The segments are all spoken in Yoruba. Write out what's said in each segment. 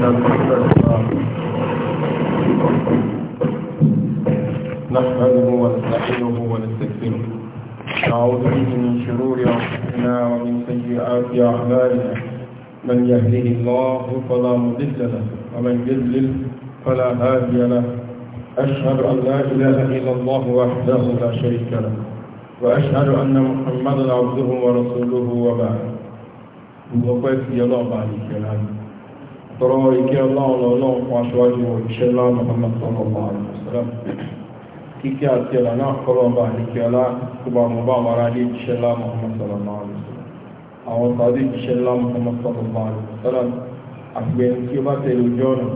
نحمده ونستعينه ونستكفره نعوذ به من شرور انفسنا ومن سيئات اعمالنا من يهده الله فلا مضل له ومن يضلل فلا هادي له اشهد ان لا اله الا الله وحده لا شريك له واشهد ان محمدا عبده ورسوله وبعد وقف يلا بعد كلامه tọrọ ìkẹ́ ọlọ́run ọlọ́run fún aṣíwájú òṣìṣẹ́ lánàá ọmọ ọmọ ọ̀sẹ̀lẹ̀ kíkẹ́ àti ẹ̀là náà kọ́lọ̀ ọba àdíkẹ́ ọlá tó bá mọ̀ bá àwọn ará ilé ìṣẹ́ lánàá ọmọ ọ̀sẹ̀lẹ̀ àwọn sàádé ìṣẹ́ lánàá ọmọ ọ̀sẹ̀lẹ̀ àgbẹ̀ tí ó bá tẹ̀lé ojú ọ̀nà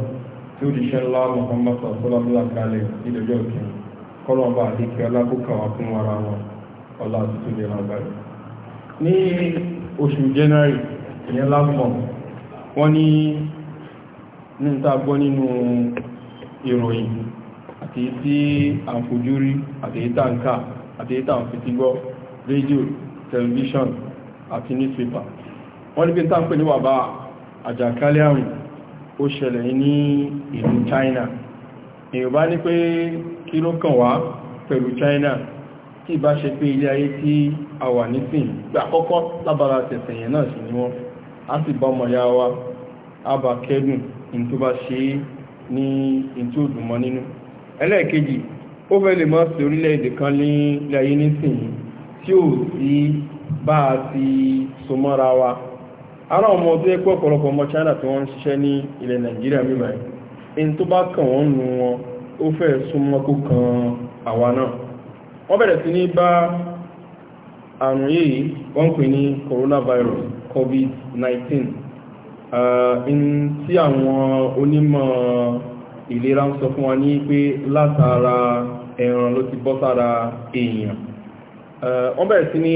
tí ó dìṣẹ́ lánàá ọmọ ọ̀sẹ̀lẹ̀ kalẹ̀ ìdọ̀jọ́ kìí kọ́lọ̀ ọba àdíkẹ́ ọlá kó kàwá fún ara wọn ní ta gbọ́ nínú ìròyìn àti tí a ń fojú rí àti ìta ń àti ìta ń fi tẹlifíṣàn àti newspaper wọ́n ní pé tá ń pè ní wàbá àjàkálẹ̀ àrùn ó ṣẹlẹ̀ ní ìlú China èyàn bá ní pé kí ló kàn wá pẹ̀lú China tí ìbá ṣe pé ilé ayé tí a wà nísìn pé àkọ́kọ́ lábára tẹ̀sẹ̀yẹn náà sì ni wọ́n á sì bá ọmọ ya wa á bá kẹ́dùn tó bá ṣe ní ìtí òdùnmọ́ nínú ẹlẹ́ẹ̀kejì ó fẹ́ lè máa orílẹ̀ kan ní ilẹ̀ ayé nísìnyí tí ò sí bá a ti so wa ara ọmọ tó yẹ ọ̀pọ̀lọpọ̀ ọmọ China tí wọ́n ń ṣiṣẹ́ ní ilẹ̀ Nàìjíríà mímọ́ nu kan awa won bere si ni ba 19 Eh, tí àwọn onímọ̀ ìlera ń sọ fún wa ní pé látara ẹran ló ti bọ́ sára èèyàn eh, wọ́n bẹ̀rẹ̀ sí ní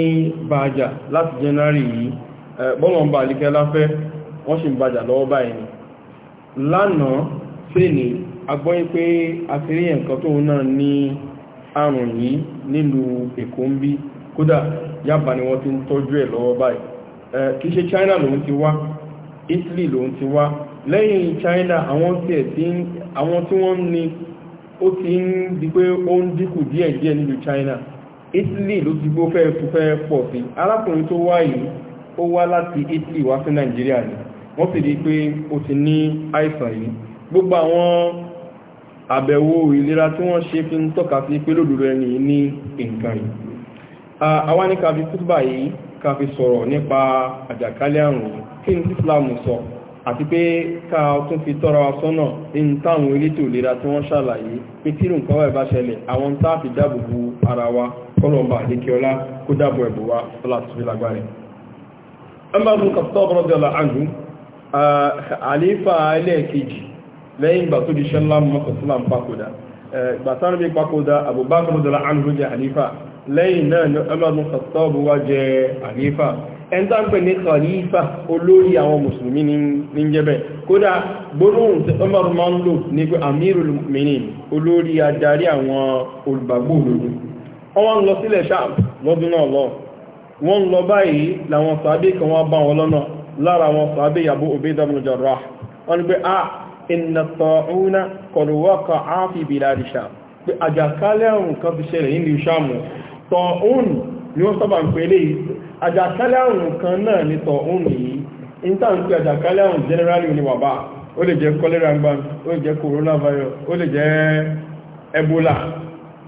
bàjà láti January yìí eh, bọ́lọ̀ ń bá àlíkẹ́ láfẹ́ wọ́n sì ń bàjà lọ́wọ́ báyìí ni lánàá fèèní agbọ́yìn pé akiri ẹ̀nkan tó náà ní àrùn yìí nílùú Èkó ń bí kódà Yábà ni wọ́n ti ń tọ́jú ẹ̀ lọ́wọ́ báyìí kìí ṣe China lòun ti wá Italy ló ń ti wá lẹ́yìn China àwọn tí ẹ̀ ti ń àwọn tí wọ́n ní ó ti ń di pé ó ń dínkù díẹ̀ díẹ̀ nílùú China Italy ló ti gbó fẹ́ fẹ́ pọ̀ sí arákùnrin tó wá yìí ó wá láti Italy wá sí Nàìjíríà ni wọ́n sì di pé ó ti ní àìsàn yìí gbogbo àwọn àbẹ̀wò ìlera tí wọ́n ṣe fi ń tọ́ka sí pé lòdùrú ẹni ní nǹkan yìí àwa ní ká fi kútùbà yìí ká fi sọ̀rọ̀ nípa àjàkálẹ̀ àrùn yìí kí ní islamu sọ àti pé ká tún fi tọ́ra wa sọ́nà ní táwọn elétò ìlera tí wọ́n ṣàlàyé pé tí nǹkan wà bá ṣẹlẹ̀ àwọn tá a fi dáàbò bo ara wa kọ́lọ̀ọ̀bà àdékẹ́ọlá kó dáàbò ẹ̀bù wa láti fi lágbára Umar bin ẹ̀ntà ń pè ní khalifa olórí àwọn mùsùlùmí ní jẹ́bẹ̀ kódà gbóòrùn Umar máa ń lò ní pé amirul mu'minin olórí adarí àwọn olùgbàgbọ́ ológun wọ́n ń lọ sílẹ̀ Sham lọ́dún náà lọ wọ́n ń lọ báyìí làwọn sàábé kan wá bá inna ta'una qad waqa'a fi bilad Sham pé àjàkálẹ̀ ni wọ́n sábà àjàkálẹ̀ àrùn kan náà nítọ̀ òun nìyí níta ń pè àjàkálẹ̀ àrùn generally ní wàbá ó lè jẹ́ cholera gbá ó lè jẹ́ coronavirus ó lè jẹ́ ebola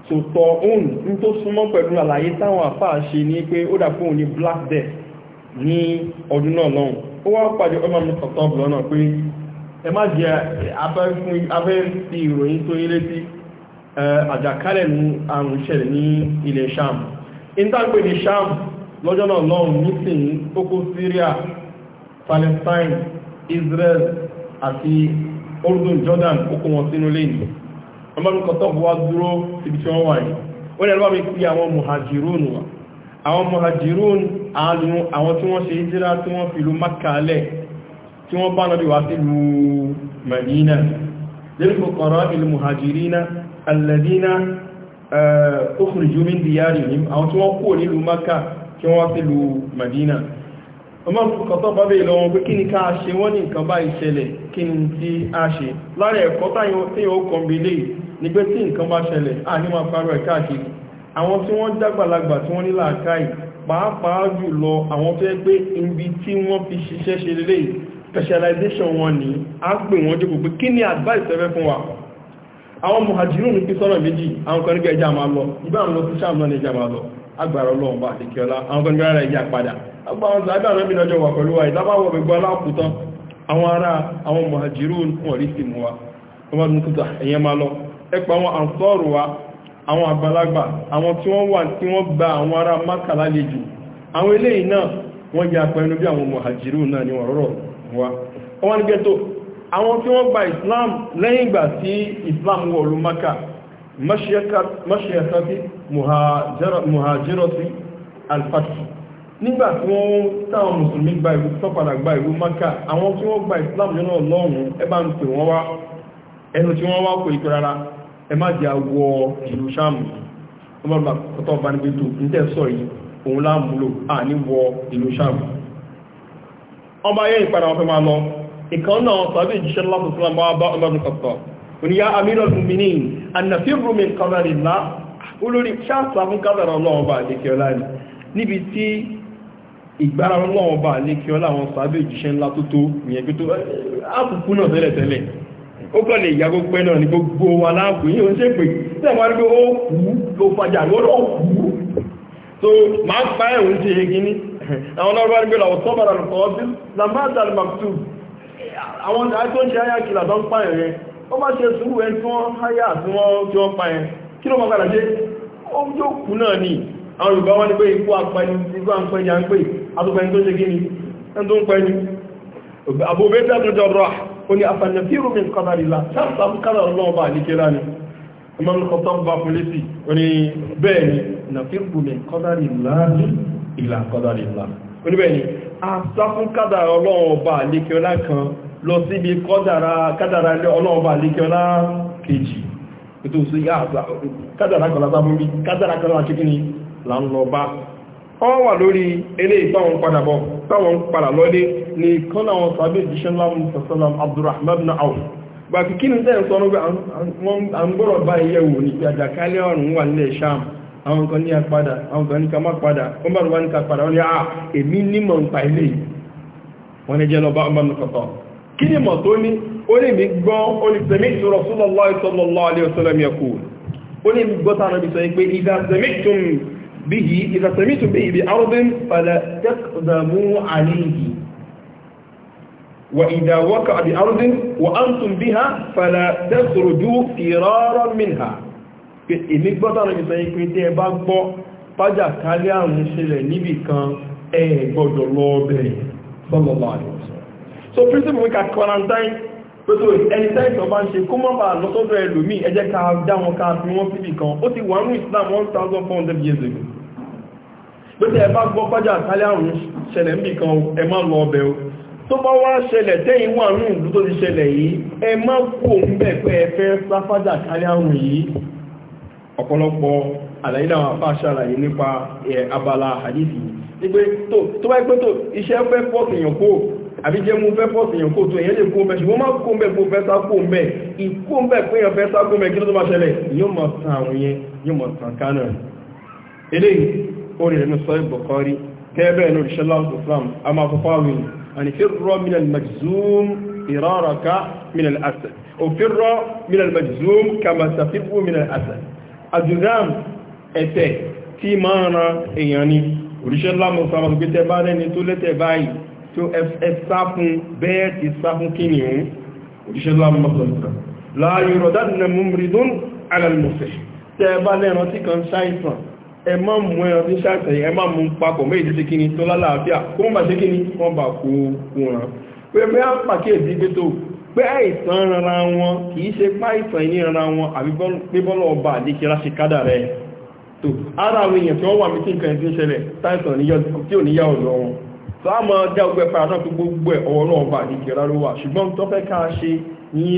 tó tọ̀ òun ní tó súnmọ́ pẹ̀lú àlàyé táwọn àfáà ṣe ní pé ó dà ní black death ní ọdún náà lọ́hùn ó sham lọ́jọ́ náà lọ́hùn nísìnyí kókó Syria Palestine Israel àti Urdun Jordan kókó wọn sínú lẹ́yìn wọ́n bá ń kọ́ tọ́pù wá dúró síbi tí wọ́n wà yìí wọ́n lè lọ́wọ́ mi pí àwọn muhajirun wa àwọn muhajirun àánú àwọn tí wọ́n ṣe hijira tí wọ́n fi lu makalẹ̀ tí wọ́n bá nàbí wá sí lu Madina lil fuqara il muhajirina alladina eh, ukhrijū min diyārihim àwọn tí wọ́n kúrò nílùú Makkah kí wọ́n sí lu Madina Umar Khattab bá bèèrè lọ́wọ́ pé kí ni ká ṣe wọ́n ní nǹkan bá ìṣẹ̀lẹ̀ kí ni tí a ṣe lára ẹ̀kọ́ tí ó kàn bí lè ní pé tí nǹkan bá ṣẹlẹ̀ a ní máa parọ́ àwọn tí wọ́n dàgbàlagbà tí wọ́n ní làákàì pàápàá jù lọ àwọn tó yẹ ibi tí wọ́n fi ṣiṣẹ́ ṣe lélẹ̀ specialization wọn ni a pè wọ́n dìbò advice ẹ̀fẹ́ wa àwọn muhajirun ní pí sọ́nà méjì àwọn kan nígbà ẹja máa lọ agbára ọlọ́run bá àti kíọlá àwọn kan gbára ìyá padà agbá àwọn sàábà rẹ́bìn ọjọ́ wà pẹ̀lú wa ìdábáwọ̀ gbogbo aláàkútán àwọn ará àwọn mọ̀hajirun wọ̀n wa wọ́n bá tuntun ẹ̀yẹn máa lọ ẹpa àwọn àǹsọ́ọ̀rù wa àwọn àgbàlagbà àwọn tí wọ́n wà tí wọ́n bí àwọn mọ̀hajirun náà ni wọ́n rọ̀rọ̀ wa wọ́n ní gẹ́tò àwọn tí wọ́n gba Islam lẹ́yìn ìgbà tí Islam wọ̀lú Mákà mọ́ṣẹ́kàtí muhajirati alfati nígbà tí wọ́n táwọn mùsùlùmí gba ìlú tọ́padà gba ìlú maka àwọn tí wọ́n gba islam yọ́nà lọ́hùn ẹ bá ń pè wọ́n wá ẹnu tí wọ́n wá kò ìpè rárá ẹ má jẹ́ àwọ ìlú sáàmù ọmọlúwà kọ́tọ́ bá níbi tó ń tẹ́ sọ yìí òun láàmúlò à ní wọ ìlú sáàmù ọba yẹ́ ìpadà wọn fẹ́ máa lọ ìkan náà sàbí ìjíṣẹ́ lọ́pùsùlọ́mọ́ bá ọmọlúwà kọ́tọ́ òníyá amírọ̀lùmínì ànàfíìrùmí kọ́nà olórí ṣáàtà fún kádàrà ọlọ́run bá àlékiọlá ni níbi tí ìgbára ọlọ́run bá àlékiọlá àwọn sàábẹ̀ òjíṣẹ́ ńlá tó tó ìyẹn pé tó ápùpù náà tẹ́lẹ̀ tẹ́lẹ̀ ó kọ́ lè ìyàgó pẹ́ náà ní gbogbo so ma ń pa ẹ̀hùn ti ṣe gíní àwọn ọlọ́rọ̀ rí pé lọ sọ́bàrà lọ́pọ̀ ọdún lamata maktu àwọn àìtó ń ṣe ayá kìlà tó ń pa ẹ̀rẹ́ ó má ṣe sùúrù ẹ̀ tí wọ́n háyà tí wọ́n pa ẹ̀rẹ́ kí ló mọ́ padà ṣe ó yóò kú náà ni àwọn Yorùbá wọ́n ní pé ikú apẹni ikú apẹni à ń pè àtúpẹni tó ṣe gíní ẹn tó ń pẹni àbòbẹ́ta tó jọrọ ó ní afẹ́nàfíìrù mi kọ́dàrílá sáàtàkù kádà ọlọ́ọ̀bà àníkẹ́lá ni ọmọ nǹkan bá fún létí ó ní bẹ́ẹ̀ ni nàfíìrù mi kọ́dàrílá ní ìlà kọ́dàrílá ó ní bẹ́ẹ̀ ni àtàkù kádà kejì ètò òsì yá kádàrà kan lásán mú mi kádàrà kan láti kí ni là ń lọ bá ọ wà lórí eléyìí táwọn padà bọ̀ táwọn padà lọ́dé ní kan láwọn sábẹ́ ìdíṣẹ́ ńlá mú ni tẹ́ ń sọ́nú pé à ń gbọ́rọ̀ bá iye wò ní àjàkálẹ̀ ọ̀run wà nílẹ̀ sáàmù ah, jẹ́ lọ bá ọmọ mi kí ni mọ̀ tó ní ó ní mi gbọ́n ó ní sẹ̀mí ìṣòro Rasulullah sallallahu alaihi wasallam ẹ̀kù ó ní mi gbọ́ta náà bí sọ pé ìdásẹ̀mítùn bí i ìdásẹ̀mítùn bí i bí arúgbìn fala taqdamu alayhi wa idha waqa'a bi arúgbìn wa antum biha fala takhruju firaran minha èmi gbọ́ta náà pé tí ẹ bá gbọ́ fájà kálí àrùn ṣẹlẹ̀ níbì kan ẹ gbọ́dọ̀ lọ so principle we can quarantine pẹ̀tọ́ anytime tó bá ń ṣe kó mọ́ bá lọ́sọ́dọ̀ ẹlòmí ẹ jẹ́ ká dá wọn ká fi wọ́n síbì kan ó ti wà ní Islam 1400 years ago pẹ̀tọ́ ẹ bá gbọ́ pàjá àtàlẹ́ àrùn ṣẹlẹ̀ níbì kan ẹ má lọ ọbẹ̀ o tó bá wá ṣẹlẹ̀ tẹ́yìn wà ní ìlú tó ti ṣẹlẹ̀ yìí ẹ má kú òun bẹ̀ pé ẹ fẹ́ sáfájà àtàlẹ́ àrùn yìí ọ̀pọ̀lọpọ̀ àlàyé náà wà fáṣà àlàyé àbí jẹ́ mú fẹ́ pọ̀ síyàn kó tó èyàn lè kó mẹ́ ṣùgbọ́n má kó mẹ́ kó fẹ́ sá kó mẹ́ ìkó mẹ́ pé èyàn fẹ́ sá kó mẹ́ kí ló tó máa ṣẹlẹ̀ yóò mọ̀ tàn àwọn yẹn yóò mọ̀ tàn kánà eléyìí ó rí ẹnu sọ ìbọ̀kọ́rí kẹ́ẹ̀bẹ́ ní òṣìṣẹ́lá islam a máa fọ́fọ́ àwọn èèyàn ànífẹ́rọ minal majzum tó ẹ̀sá fún bẹ́ẹ̀ ti sá fún kìnìún òjíṣẹ́ lọ́mọ́sọ̀tàn láàyò rọ̀dánà múmìrìdún alàlùmọ̀sẹ̀ tẹ́ ẹ bá lẹ́ran tí kan ṣáìsàn ẹ má mú ẹran tí ṣáìsàn ẹ má mú papọ̀ méjì sí kíní tó lálàáfíà kó mọ́ bá ṣe kíní wọ́n bà kó kúran pé mẹ́ pàkíyèsí pé tó pé àìsàn rárá wọn kìí ṣe páìsàn ní rárá wọn àbí pé bọ́lọ̀ ọba àdékẹ́lá ṣe kádà rẹ̀ tó ara àwọn èèyàn tí wọ́n wà mí tí nǹkan ẹ̀ tí ń ṣẹlẹ̀ táìsàn tí ò níyà ọ̀dọ̀ wọn tó a mọ dá ogbẹ́ náà gbogbo ẹ̀ ọwọ́ náà wà ṣùgbọ́n tó fẹ́ ká ṣe ibi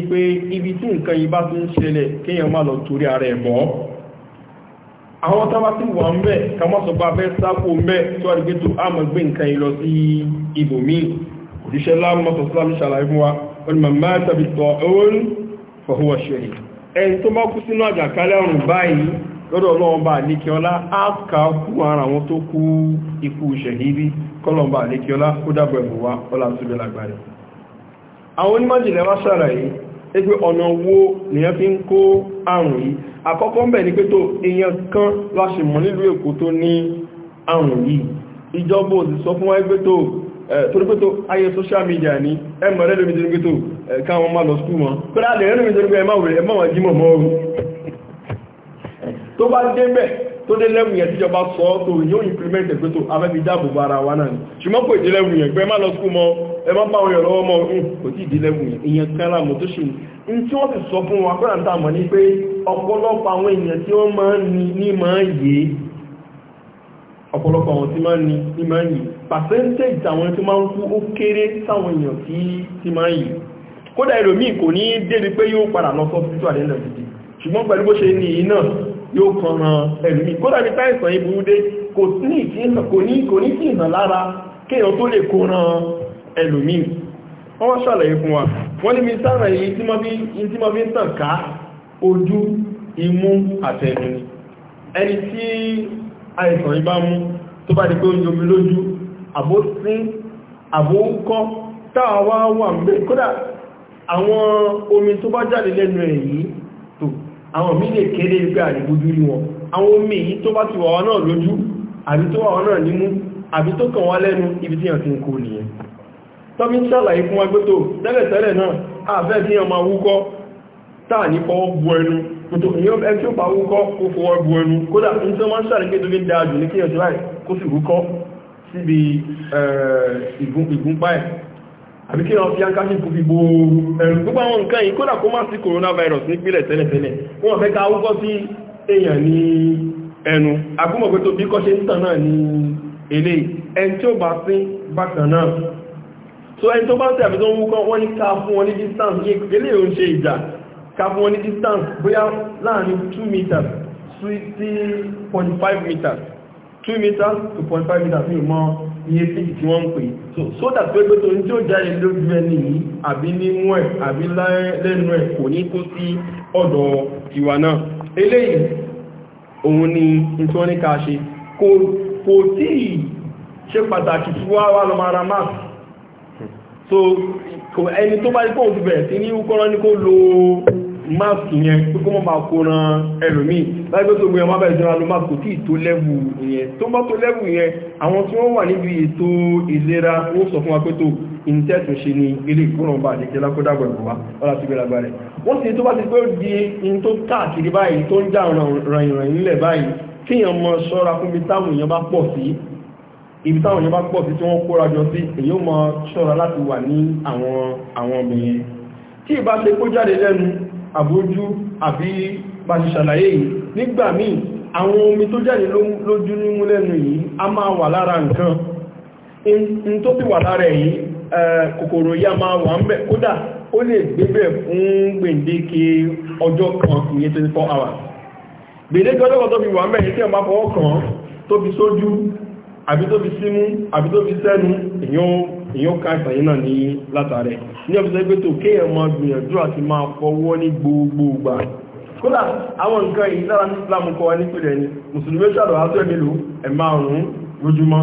tí nǹkan yìí bá ń ṣẹlẹ̀ kéèyàn má lọ torí ara ẹ̀ àwọn wà ń bẹ̀ ká ń lọ sí ibòmíì òṣìṣẹ́ ṣàlàyé fún wa wọn mọ̀ máa tàbí tọ́ fọ̀húwọ̀ ẹni tó bá kú sínú àjàkálẹ̀ ọ̀run báyìí lọ́dọ̀ ọlọ́run bá ọlá kú ara àwọn tó kọlọ̀mbà àlékiọlá ó dàbọ̀ ẹ̀bù wa ọlá tóbi lágbàrẹ̀ àwọn onímọ̀jìnlẹ̀ wá sára yìí é pé ọ̀nà wo nìyẹn fi ń kó àrùn yìí àkọ́kọ́ ń bẹ̀ ní pé tó èèyàn kan láṣẹ mọ̀ nílùú èkó tó ní àrùn yìí ìjọba òsì sọ fún wa pé tó social media ní ẹmọ̀ rẹ̀ lómi torí pé tó káwọn má lọ skúl wọn pẹ́lá lè rẹ̀ lómi torí pé ẹmọ̀ tó dé lẹ́wù yẹn tíjọba sọ tó yóò implement ẹgbẹ́ tó afẹ́bí dáàbò bá ara wa náà ni ṣùgbọ́n kò dé lẹ́wù yẹn gbẹ́ má lọ sùkú mọ́ ẹ má bá wọn yọ̀ lọ́wọ́ mọ́ kò tí ì dé lẹ́wù yẹn ìyẹn kan láàmú tó ṣe ní tí wọ́n ti sọ fún wa kó láǹtà mọ̀ ní pé ọ̀pọ̀lọpọ̀ àwọn èèyàn tí wọ́n máa ń ní ní máa ń yé ọ̀pọ̀lọpọ̀ àwọn tí máa ń ní ní máa ń yé percentage àwọn tí máa ń kú ó kéré sáwọn èèyàn tí tí máa ń yóò kan ran ẹ̀mí kódà ní táìsàn ibúrúdé kò ní sí ìhàn lára kéèyàn tó lè kó ran ẹlòmí wọ́n wá ṣàlàyé fún wa wọ́n ní mi sára èyí tí mọ́ bí ń tàn ká ojú imú àtẹnu ni ẹni tí àìsàn ibá mú tó bá di àwọn mí lè kéré pé àrígbójú rí wọn àwọn omi èyí tó bá ti wà wọn náà lójú àbí tó wà wọn náà nímú àbí tó kàn wá lẹ́nu ibi tí yàn ti ń kó nìyẹn tọ́bí ń ṣàlàyé fún wa gbótó tẹ́lẹ̀tẹ́lẹ̀ náà àfẹ́ tí yàn máa wúkọ́ táà ní fọwọ́ bu ẹnu kòtò èyàn pa wúkọ́ kó fọwọ́ bu ẹnu kódà ń tí wọ́n ṣàlàyé pé tó fi ń da jù àbí kí wọ́n fi ákáṣí kò fi bo ẹ̀rù gbogbo àwọn nǹkan yìí kódà kó má sí coronavirus nípìnlẹ̀ tẹ́lẹ̀tẹ́lẹ̀ wọ́n fẹ́ ká wúkọ́ sí èèyàn ní ẹnu agbómọ̀gbé tó bí kọ́ṣe ń tàn náà ní èlé ẹn tí ó bá sí so ẹn tó bá sí àbí tó ń wúkọ́ wọ́n ní ká fún wọn ní distance yìí èlé ò ń ṣe ìjà ká fún 2 meters 2.5 meters ní ìmọ̀ iye tí tí wọ́n ń pè so that pé pé torí tí ó jáde lójú ẹni yìí àbí nímú ẹ̀ àbí lẹ́nu ẹ̀ kò ní kó sí ọ̀dọ̀ tiwa náà eléyìí òun ni tí wọ́n ní ká ṣe kò tí ṣe pàtàkì tí wá wá lọ mara mark so ẹni tó bá ní kó òun ti bẹ̀rẹ̀ sí ní kọ́rọ́ ní máàkì yẹn pé kó wọ́n máa kó ran ẹlòmíì láti pé tó gbé ọmọ abẹ́jọ́ ra ló máa kò tí ì tó lẹ́bù yẹn tó bá tó lẹ́bù yẹn àwọn tí wọ́n wà níbi ètò ìlera ó sọ fún wa pé tó ìntẹ́tùn ni ilé ìkúrùn bá àdékẹ́ lákọ́dàgbọ̀ ìgbòwá ọlá ti gbéra gbáre wọ́n sì tó bá ti tó di in tó káàkiri báyìí tó ń já ràyìnràyìn nílẹ̀ báyìí kíyàn mọ ṣọ́ra fún ibi táwọn èèyàn bá pọ̀ sí tí ìbá ṣe kó jáde lẹ́nu àbójú àbí bàṣìṣàlàyé yìí nígbà míì àwọn omi tó jáde lójú nímú lẹ́nu yìí a máa wà lára nǹkan in tó ti wà lára yìí kòkòrò yá máa wà ń bẹ̀ kódà ó lè gbébẹ̀ fún gbèǹdéke ọjọ́ kan ìyẹn 24 hours gbèǹdéke ọjọ́ kan tó fi wà ń bẹ̀ yìí tí ọmọ fọwọ́ kan tó fi sójú àbí tó fi símú àbí tó fi sẹ́nu èyàn èyàn ká ìtàn yìí náà ní látàrẹ ní ọ̀pọ̀ ẹgbẹ́ tó kéèyàn máa gbìyànjú àti máa fọwọ́ ní gbogbo ìgbà kódà àwọn nǹkan yìí lára ní Islam kọ́ wa nípìnlẹ̀ ni mùsùlùmí ṣàlọ́ àtọ́ ẹ̀mẹ́lò ẹ̀má ọ̀run lójúmọ́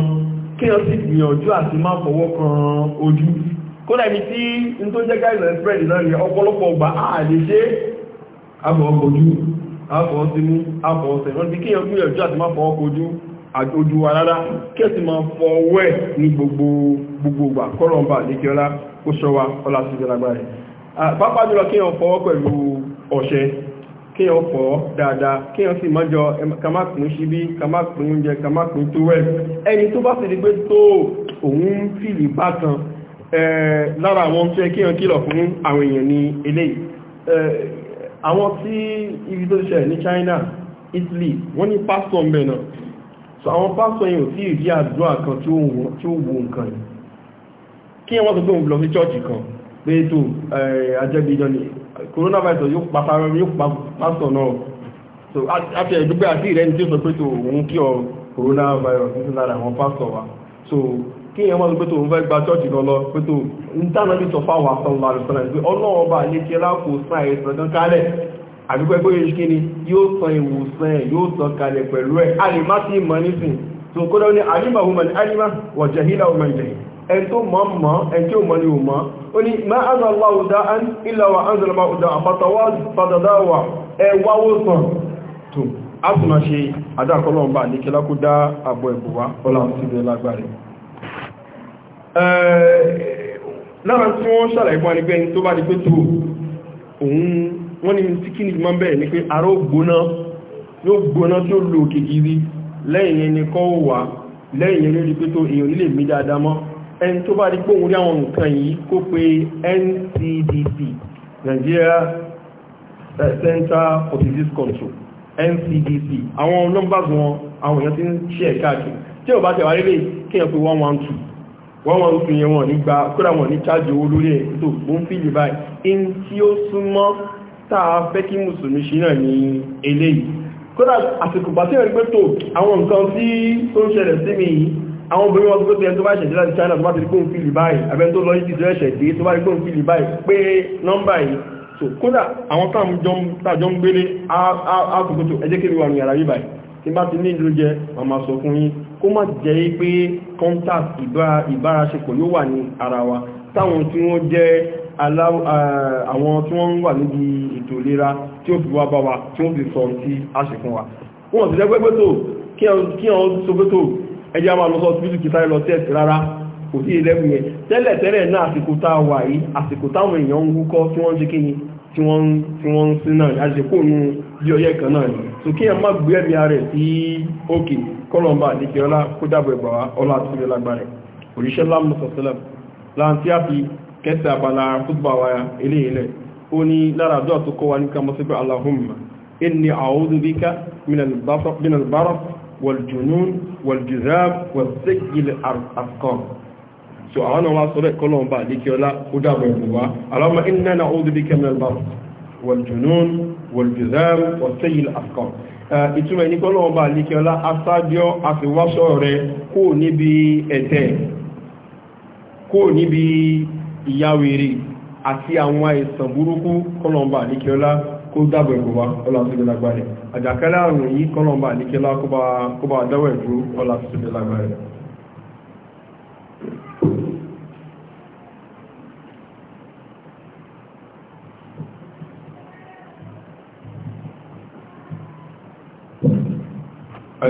kéèyàn sì gbìyànjú àti máa fọwọ́ kan ojú kódà ibi tí n tó jẹ́ gáìsì ẹ̀sìpẹ̀lì náà ni ọ̀pọ̀lọpọ̀ ọgbà àlè ṣe àbọ̀ ọkọ̀ ojú àbọ̀ ọsẹ mú àbọ̀ ọsẹ rántí kéèyàn gbìyànjú àti máa fọwọ́ kojú àjòjú wa rárá kẹ́sì máa fọ ọwọ́ ẹ̀ ní gbogbo gbogbogbà kọ́lọ̀mbà lékiọlá kó ṣọwa ọlá sí ìjọlagbà rẹ̀ pápá jùlọ kí èèyàn fọwọ́ pẹ̀lú ọṣẹ kí èèyàn fọ dáadáa kí èèyàn sì mọ́jọ kamákùn síbí kamákùn oúnjẹ kamákùn tó wẹ̀ ẹni tó bá sì China Italy wọ́n ní pásítọ̀ so àwọn pásọ yìí ò tí ìrí àdúrà kan tí ó wo nǹkan yìí kí wọ́n tó gbóhùn lọ sí chọ́ọ̀chì kan pé tó ajẹ́bí ìjọ ni coronavirus yóò pàpà rẹ̀ yóò pa pásọ náà so àti ẹ̀dúgbẹ́ àti ìrẹ́ni tí ó sọ pé tó òun kí ọ coronavirus ní lára àwọn pásọ wa so kí èèyàn máa ń pé tó ń fẹ́ gba chọ́ọ̀chì lọ lọ pé tó ń dáná bí sọ fáwọn àtọ́lọ́ àrùsọ́nà ìgbé ọlọ́ọ̀ba àlékelá kò sáà ẹ̀sán kan kálẹ̀ àdúgbẹ́ bóyá ṣe kíni yóò san ìwòsàn ẹ̀ yóò san kalẹ̀ pẹ̀lú ẹ̀ a lè má sí ìmọ̀ nísìn tó kó dáwọn ní alima human alima wà jahila human jahil ẹni tó mọ̀ mọ̀ ẹni tí ó mọ̀ ni ò mọ̀ ó ní má ánà aláwò dá án ilà wà án zọlọmọ ọdọ àpàtàwà fàdàdà wà ẹ wáwó sàn tó a sì máa lára tí wọ́n ṣàlàyé fún wa tó bá di pé tó òun wọ́n ni tí kí ní ìmọ̀ bẹ́ẹ̀ ni pé ara ó gbóná yóò gbóná tí ó lò kìkiri lẹ́yìn ẹni kọ́ ó wà lẹ́yìn ẹni rí pé tó èèyàn nílé mi dáadáa ẹni tó bá rí pé òun rí àwọn nǹkan yìí kó pe NCDC Nigeria eh, Center for Disease Control NCDC àwọn numbers wọn àwọn èèyàn ti ń ṣe ẹ̀ káàkiri tí ò bá tẹ̀wá lélẹ̀ kí èèyàn pe one one two wọ́n wọ́n fi yẹn wọ́n nígbà kódà wọ́n ní chájì owó lórí ẹ̀ tó gbóǹfìlì báyìí in tí ó súnmọ́ táa fẹ́ kí mùsùlùmí ṣe náà ní eléyìí kódà àsìkò bá tí ẹ̀rí pé tó àwọn nǹkan tí ó ń ṣẹlẹ̀ sí mi àwọn obìnrin wọn tó tẹ́ tó bá ṣẹ̀dé láti China tó bá ti gbóhùn fìlì báyìí abẹ́ tó lọ ìdíjẹ́ ẹ̀ṣẹ̀dé tó bá gbóhùn fìlì báyìí pé nọ́mbà yìí so kódà àwọn táàjọ ń gbélé àkókòtò ẹjẹ́ kéré wà ní ara yìí báyìí tí kó má jẹ́ pé contact ìbáraṣepọ̀ yóò wà ní ara wa táwọn tí wọ́n jẹ́ àwọn tí wọ́n ń wà níbi ètò ìlera tí ó fi wá bá wa tí ó fi sọ tí a ṣe fún wa wọ́n ti jẹ́ pẹ́pẹ́ tó kí ọ tó pẹ́ tó ẹjẹ́ a máa lọ sọ síbítù kí sáré lọ test rárá kò sí ilẹ́kùn yẹn tẹ́lẹ̀ a wà ni tí wọ́n ń sí náà àṣekò nú bí ọyẹ́ kan náà ni so kí ẹ má gbé ẹ̀mí ara rẹ̀ kẹta abala kútbà wa ilé ilẹ̀ ó ní lára àdúrà tó kọ́ wa ní ká mọ́ sí pé Allahumma inni a'udhu bika min al-baraf wal-junun wal-jizab wal-zayl al-afqam so àwọn ọmọ sọ́rọ̀ ẹ̀kọ́ náà bá lékiọlá ó dàbọ̀ ẹ̀bùn wa Allahumma inna na'udhu bika min al-baraf wal-junun wal-jizab wal-zayl asájọ́ àfiwáṣọ́ rẹ̀ kó níbi ẹ̀tẹ̀ kó níbi ìyáwèrè àti àwọn àìsàn burúkú kọlọmbà níkẹ́ọ́lá kó dábọ̀ ẹ̀kọ́ wa ọlá àrùn yìí kọlọmbà níkẹ́ọ́lá kó bá dáwọ̀ ẹ̀kọ́ ọlá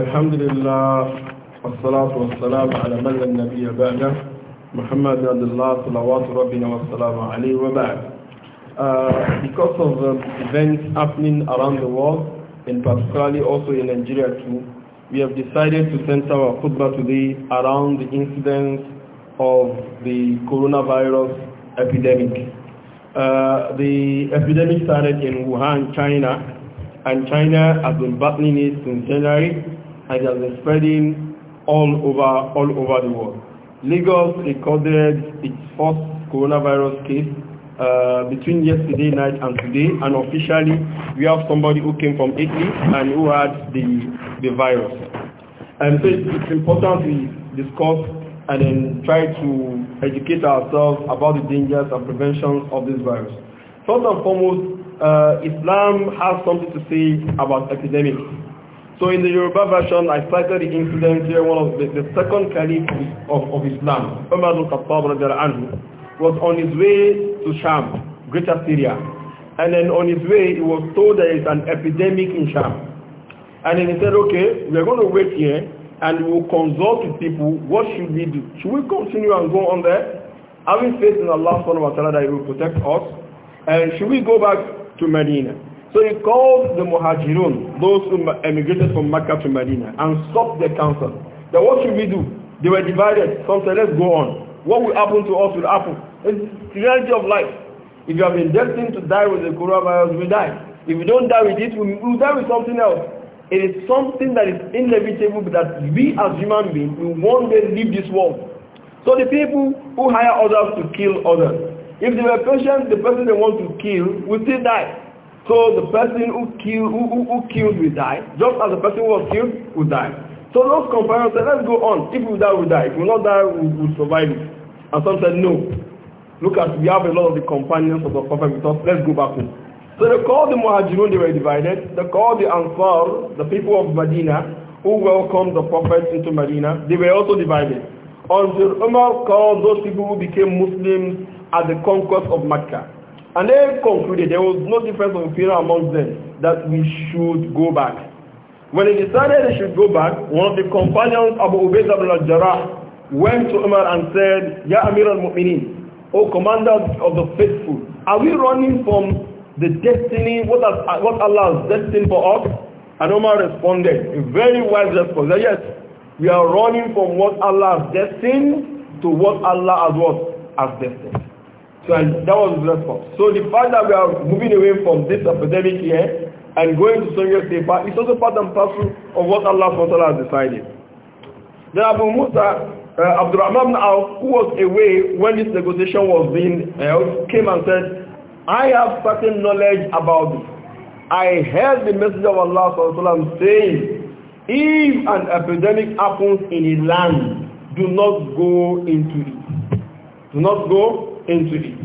الحمد لله والصلاة والسلام على من النبي بعده Muhammad Abdullah Salawat Rabbina wa wa uh, Because of um, events happening around the world, and particularly also in Nigeria too, we have decided to center our khutbah today around the incidence of the coronavirus epidemic. Uh, the epidemic started in Wuhan, China, and China has been battling it since January and has been spreading all over all over the world. Lagos recorded its first coronavirus case uh, between yesterday night and today and officially we have somebody who came from Italy and who had the, the virus. And um, so it's important we discuss and then try to educate ourselves about the dangers and prevention of this virus. First and foremost, uh, Islam has something to say about epidemics. So in the Yoruba version, I cited the incident here, one of the, the second caliph of, of Islam, Umar al-Khattab was on his way to Sham, Greater Syria. And then on his way, he was told there is an epidemic in Sham. And then he said, okay, we are going to wait here and we will consult with people. What should we do? Should we continue and go on there? Having faith in Allah subhanahu wa ta'ala that he will protect us? And should we go back to Medina? So he called the Muhajirun, those who emigrated from Mecca to Medina, and stopped their council. Then what should we do? They were divided. Some said, let's go on. What will happen to us will happen. It's the reality of life. If you have been destined to die with the coronavirus, we die. If we don't die with it, we will die with something else. It is something that is inevitable that we as human beings will one day leave this world. So the people who hire others to kill others, if they were patient, the person they want to kill will still die. So the person who killed, who, who, who killed will die, just as the person who was killed will die. So those companions said, let's go on. If we die, we die. If we not die, we will survive And some said, no. Look at, we have a lot of the companions of the Prophet with us. Let's go back home. So they called the Muhajirun, they were divided. They called the Ansar, the people of Medina, who welcomed the Prophet into Medina. They were also divided. Until Umar called those people who became Muslims at the conquest of Mecca. And they concluded there was no difference of opinion amongst them that we should go back. When they decided they should go back, one of the companions, Abu Ubaid al-Jarrah, went to Umar and said, Ya Amir al-Mu'mineen, O commander of the faithful, are we running from the destiny, what, has, what Allah has destined for us? And Umar responded, a very wise response, yes, we are running from what Allah has destined to what Allah has what? Has destined. So and that was the platform. So the fact that we are moving away from this epidemic here and going to Sunday paper is also part and parcel of what Allah SWT has decided. Then Abu Musa, uh, Abdurrahman Auf, who was away when this negotiation was being held, came and said, I have certain knowledge about this. I heard the message of Allah SWT saying, if an epidemic happens in a land, do not go into it. Do not go into it.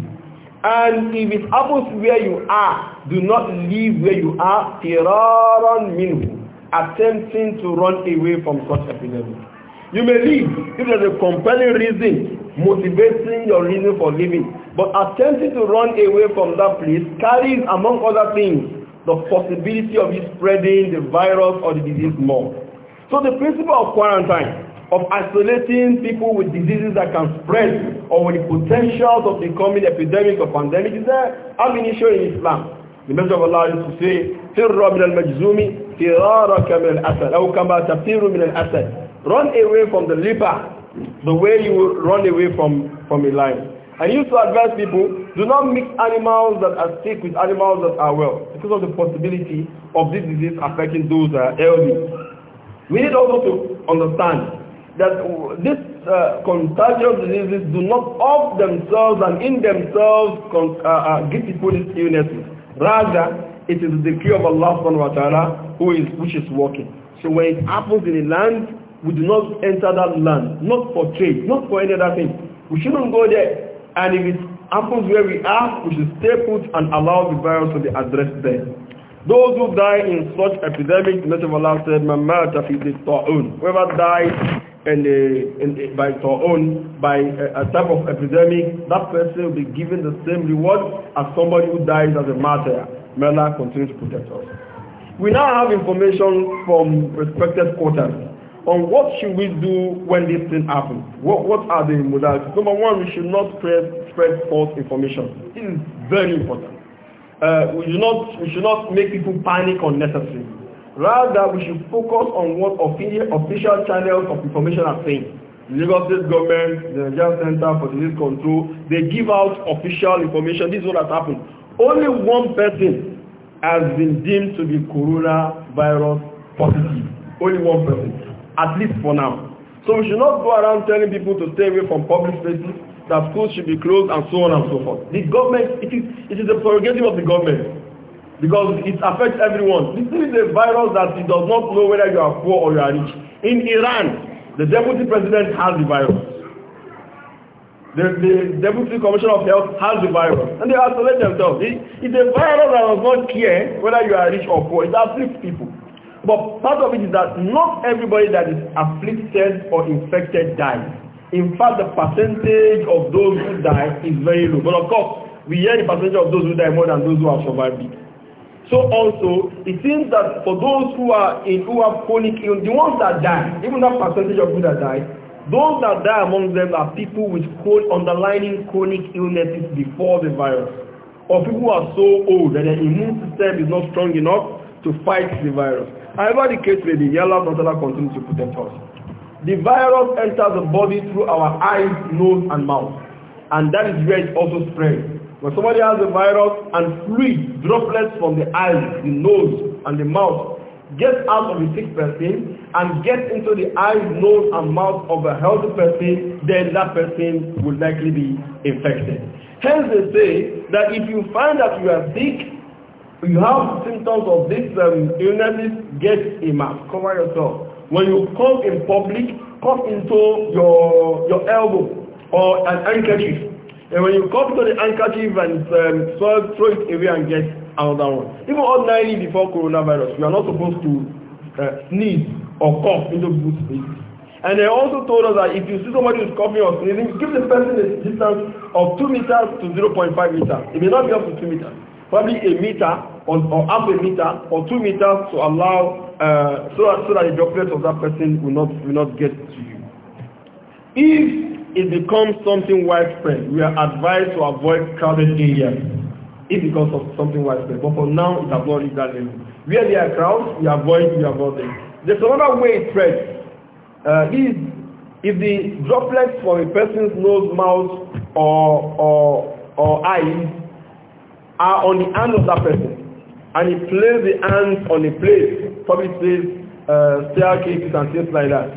And if it happens where you are, do not leave where you are, firaran minhu, attempting to run away from such epidemic. You may leave if there's a compelling reason motivating your reason for leaving. But attempting to run away from that place carries, among other things, the possibility of you spreading the virus or the disease more. So the principle of quarantine of isolating people with diseases that can spread or with the potentials of becoming epidemic or pandemic is there ab initio in Islam. The message of Allah used to say, فِرَّ مِنَ الْمَجْزُومِ فِرَارَكَ مِنَ الْأَسَدِ أَوْ كَمَا تَفِيرُ مِنَ الْأَسَدِ Run away from the leopard the way you will run away from, from a lion. And used to advise people, do not mix animals that are sick with animals that are well because of the possibility of this disease affecting those that are healthy. We need also to understand that this uh, contagious diseases do not of themselves and in themselves con uh, uh, give people these illnesses. Rather, it is the decree of Allah subhanahu wa ta'ala who is, which is working. So when it happens in a land, we do not enter that land, not for trade, not for any other thing. We shouldn't go there. And if it happens where we are, we should stay put and allow the virus to be addressed there. Those who die in such epidemic, the Messenger of Allah said, مَمَّاتَ فِي Whoever dies and, uh, and uh, by ta'un, by a, uh, a, type of epidemic, that person will be given the same reward as somebody who dies as a martyr. May Allah continue to protect us. We now have information from respected quarters on what should we do when this thing happens. What, what are the modalities? Number one, we should not spread, spread false information. This is very important. Uh, we, should not, we should not make people panic unnecessarily. Rather, we should focus on what opinion, official channels of information are saying. The Lagos State Government, the Nigerian Center for Disease Control, they give out official information. This is what has happened. Only one person has been deemed to be coronavirus positive. Only one person, at least for now. So we should not go around telling people to stay away from public spaces, that schools should be closed, and so on and so forth. The government, it is, it is the prerogative of the government because it affects everyone. This is a virus that it does not know whether you are poor or you are rich. In Iran, the deputy president has the virus. The, the deputy commissioner of health has the virus. And they isolate themselves. It, it's a virus that does not care whether you are rich or poor. It afflicts people. But part of it is that not everybody that is afflicted or infected dies. In fact, the percentage of those who die is very low. But of course, we hear the percentage of those who die more than those who have survived it. So also, it seems that for those who are in who have chronic illness, the ones that die, even that percentage of people that die, those that die among them are people with underlining chronic illnesses before the virus, or people who are so old that their immune system is not strong enough to fight the virus. However the case may be, Allah Ta'ala continues to protect us. The virus enters the body through our eyes, nose, and mouth, and that is where it also spreads. When somebody has a virus and fluid droplets from the eyes, the nose, and the mouth get out of the sick person and get into the eyes, nose, and mouth of a healthy person, then that person will likely be infected. Hence they say that if you find that you are sick, you have symptoms of this um, illness, get a mask, cover yourself. When you cough in public, cough into your, your elbow or an handkerchief And when you to the handkerchief and um, so throw it away and get another one. Even ordinarily before coronavirus, we are not supposed to uh, sneeze or cough into people's face. And they also told us that if you see somebody who's coughing or sneezing, give the person a distance of 2 meters to 0.5 meters. It may not be up to 2 meters. Probably a meter or, or half a meter or 2 meters to allow, uh, so, that, so that the droplets of that person will not, will not get to you. If it becomes something widespread, we are advised to avoid crowded areas It becomes something widespread. But for now, it has not reached that level. Where there are crowds, we avoid, we avoid them. There's another way it spreads. Uh, is if the droplets from a person's nose, mouth, or, or, or eyes are on the hand of that person, and he place the hands on a place, probably place, uh, staircases and things like that,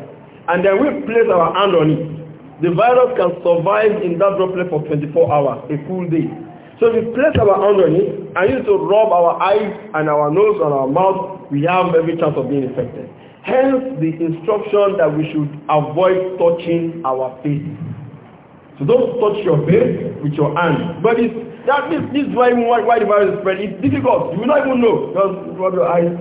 and then we place our hand on it, The virus can survive in that droplet for 24 hours, a full day. So if we place our hand on it and use to rub our eyes and our nose and our mouth, we have every chance of being infected. Hence the instruction that we should avoid touching our face. So don't touch your face with your hand. But it's, that means this is why, why the virus is spread. It's difficult. You will not even know. Just rub your eyes.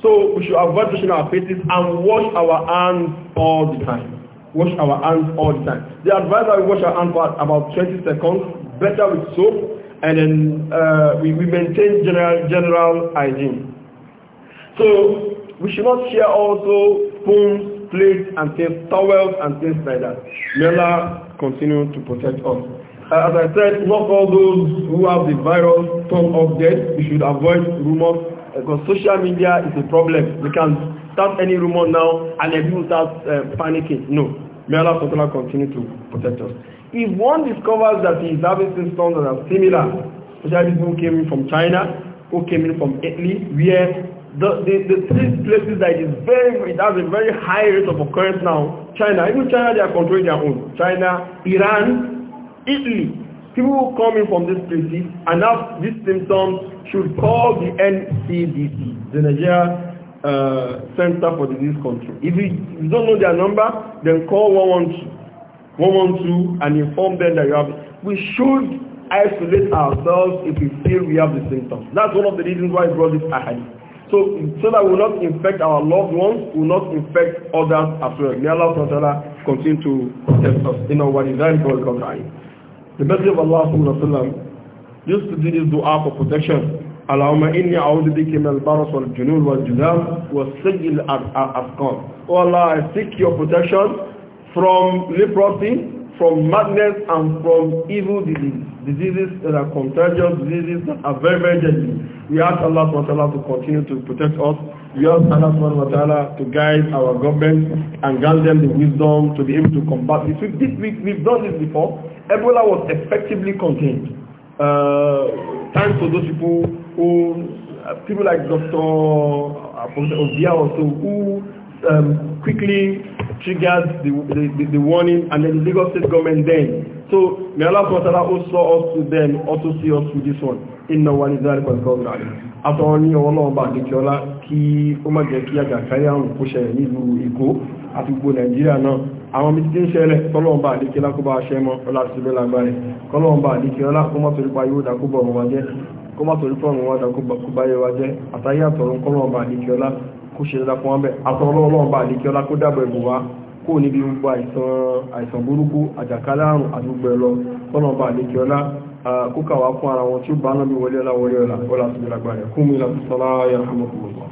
So we should avoid touching our faces and wash our hands all the time wash our hands all the time. They advise that we wash our hands for about 20 seconds, better with soap, and then uh, we, we maintain general, general hygiene. So we should not share also spoons, plates, and things, towels, and things like that. May Allah continue to protect us. Uh, as I said, not all those who have the virus turn off dead. We should avoid rumors because social media is a problem. We can stop any rumor now and everyone starts uh, panicking. No. May Allah SWT continue to protect us. If one discovers that he is having symptoms that are similar, especially people who came in from China, who came in from Italy, where the, the, the three places that is very, it has a very high rate of occurrence now, China, even China, they are controlling their own. China, Iran, Italy, people who come in from these places and have these symptoms should call the NCDC, the Nigeria Uh, center for Disease Control. If you, don't know their number, then call 112, 112 and inform them that you have it. We should isolate ourselves if we feel we have the symptoms. That's one of the reasons why I brought this ahadith. So, so that we will not infect our loved ones, we will not infect others as well. May Allah SWT continue to protect us in our design for the The Messenger of Allah used to do this dua for protection اللهم إني أعوذ بك من البرص والجنون والجذام والسجل الأفقان Oh Allah, I seek your protection from leprosy, from madness, and from evil disease, diseases that are contagious, diseases that are very, very deadly. We ask Allah SWT to continue to protect us. We ask Allah SWT to guide our government and grant them the wisdom to be able to combat this. We've, this, we've done this before. Ebola was effectively contained. Uh, thanks to those people who, people like Dr. Obia also, who um, quickly triggered the, the, the, warning and then the Lagos state government then. So may Allah SWT also us to them, also see us through this one. in wa nizari kwa nikawu na alim. Àtọ̀wọ́n ní ọwọ́ náà bá àdékí ọlá kí ó má jẹ́ kí àjà kárí àrùn kó ṣẹlẹ̀ nílùú Èkó àti gbogbo Nàìjíríà náà. Àwọn mi ti ń ṣẹlẹ̀ kọ́lọ́wọ́n bá àdékí ọlá kó bá ṣẹ mọ́ ọlá ti bẹ́ lágbára. Kọ́lọ́wọ́n bá àdékí ọlá kó mọ́ torípa yóò dákó bọ̀ kó má torí fọ́ọ̀mù wọn dákó báyé wa jẹ́ àtàyé àtọ̀rọ̀ kọ́lọ̀ ọba àdíkíọ́lá kó ṣe dáadáa fún wọn bẹ́ àtọ̀rọ̀ ọlọ́run ọba àdíkíọ́lá kó dábọ̀ ẹ̀bù wa kó níbi gbogbo àìsàn àìsàn burúkú àjàkálẹ̀ àrùn àdúgbò ẹ̀lọ kọ́lọ̀ ọba àdíkíọ́lá kó kà fún ara wọn tí ó bá náà bí wọlé ọlá wọlé ọlá